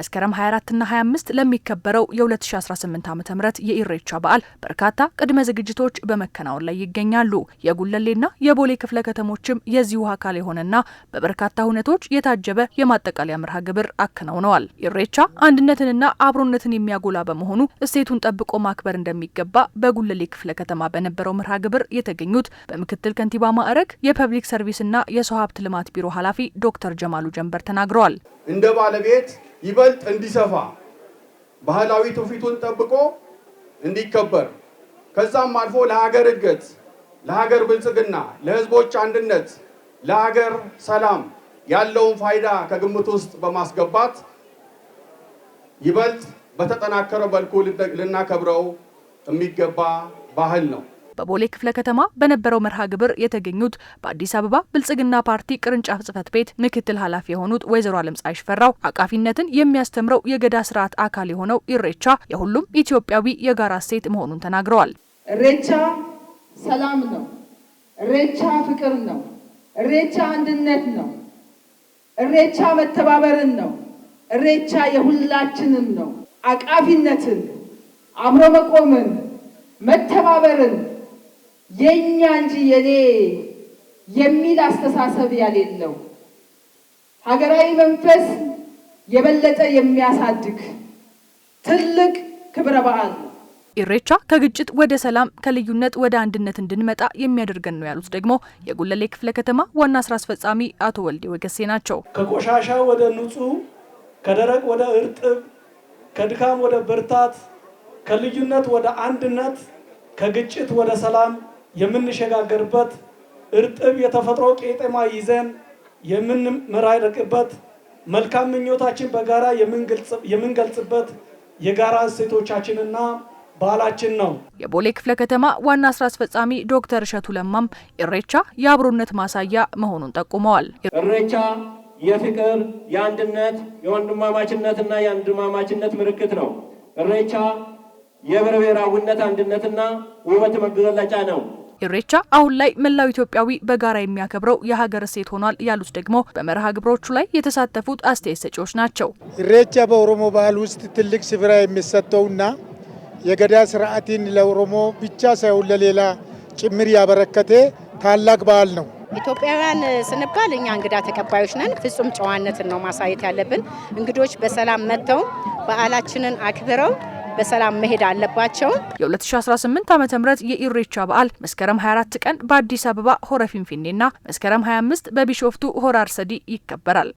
መስከረም 24ና 25 ለሚከበረው የ2018 ዓ ም የኢሬቻ በዓል በርካታ ቅድመ ዝግጅቶች በመከናወን ላይ ይገኛሉ። የጉለሌና የቦሌ ክፍለ ከተሞችም የዚሁ አካል የሆነና በበርካታ ሁነቶች የታጀበ የማጠቃለያ መርሃ ግብር አከናውነዋል። ኢሬቻ አንድነትንና አብሮነትን የሚያጎላ በመሆኑ እሴቱን ጠብቆ ማክበር እንደሚገባ በጉለሌ ክፍለ ከተማ በነበረው መርሃ ግብር የተገኙት በምክትል ከንቲባ ማዕረግ የፐብሊክ ሰርቪስና የሰው ሀብት ልማት ቢሮ ኃላፊ ዶክተር ጀማሉ ጀንበር ተናግረዋል። እንደ ባለቤት ይበልጥ እንዲሰፋ ባህላዊ ትውፊቱን ጠብቆ እንዲከበር ከዛም አልፎ ለሀገር እድገት፣ ለሀገር ብልጽግና፣ ለህዝቦች አንድነት፣ ለሀገር ሰላም ያለውን ፋይዳ ከግምት ውስጥ በማስገባት ይበልጥ በተጠናከረ መልኩ ልናከብረው የሚገባ ባህል ነው። በቦሌ ክፍለ ከተማ በነበረው መርሃ ግብር የተገኙት በአዲስ አበባ ብልጽግና ፓርቲ ቅርንጫፍ ጽህፈት ቤት ምክትል ኃላፊ የሆኑት ወይዘሮ አለምፀሐይ ሽፈራው አቃፊነትን የሚያስተምረው የገዳ ስርዓት አካል የሆነው ኢሬቻ የሁሉም ኢትዮጵያዊ የጋራ እሴት መሆኑን ተናግረዋል። ኢሬቻ ሰላም ነው። ኢሬቻ ፍቅር ነው። ኢሬቻ አንድነት ነው። ኢሬቻ መተባበርን ነው። ኢሬቻ የሁላችንም ነው። አቃፊነትን፣ አብሮ መቆምን፣ መተባበርን የእኛ እንጂ የኔ የሚል አስተሳሰብ ያሌለው ሀገራዊ መንፈስ የበለጠ የሚያሳድግ ትልቅ ክብረ በዓል ነው። ኢሬቻ ከግጭት ወደ ሰላም ከልዩነት ወደ አንድነት እንድንመጣ የሚያደርገን ነው ያሉት ደግሞ የጉለሌ ክፍለ ከተማ ዋና ስራ አስፈጻሚ አቶ ወልዴ ወገሴ ናቸው። ከቆሻሻ ወደ ንጹህ፣ ከደረቅ ወደ እርጥብ፣ ከድካም ወደ ብርታት፣ ከልዩነት ወደ አንድነት፣ ከግጭት ወደ ሰላም የምንሸጋገርበት እርጥብ የተፈጥሮ ቄጠማ ይዘን የምንመራረቅበት መልካም ምኞታችን በጋራ የምንገልጽበት የጋራ እሴቶቻችንና ባህላችን ነው። የቦሌ ክፍለ ከተማ ዋና ስራ አስፈጻሚ ዶክተር እሸቱ ለማም እሬቻ የአብሮነት ማሳያ መሆኑን ጠቁመዋል። እሬቻ የፍቅር፣ የአንድነት፣ የወንድማማችነትና የአንድማማችነት ምልክት ነው። እሬቻ የብሔረ አንድነትና ውበት መገለጫ ነው። ኢሬቻ አሁን ላይ መላው ኢትዮጵያዊ በጋራ የሚያከብረው የሀገር እሴት ሆኗል ያሉት ደግሞ በመርሃ ግብሮቹ ላይ የተሳተፉት አስተያየት ሰጪዎች ናቸው። ኢሬቻ በኦሮሞ ባህል ውስጥ ትልቅ ስፍራ የሚሰጠውና የገዳ ስርዓትን ለኦሮሞ ብቻ ሳይሆን ለሌላ ጭምር ያበረከተ ታላቅ በዓል ነው። ኢትዮጵያውያን ስንባል እኛ እንግዳ ተቀባዮች ነን። ፍጹም ጨዋነትን ነው ማሳየት ያለብን። እንግዶች በሰላም መጥተው በዓላችንን አክብረው በሰላም መሄድ አለባቸው። የ2018 ዓ ም የኢሬቻ በዓል መስከረም 24 ቀን በአዲስ አበባ ሆረ ፊንፊኔና መስከረም 25 በቢሾፍቱ ሆራ አርሰዲ ይከበራል።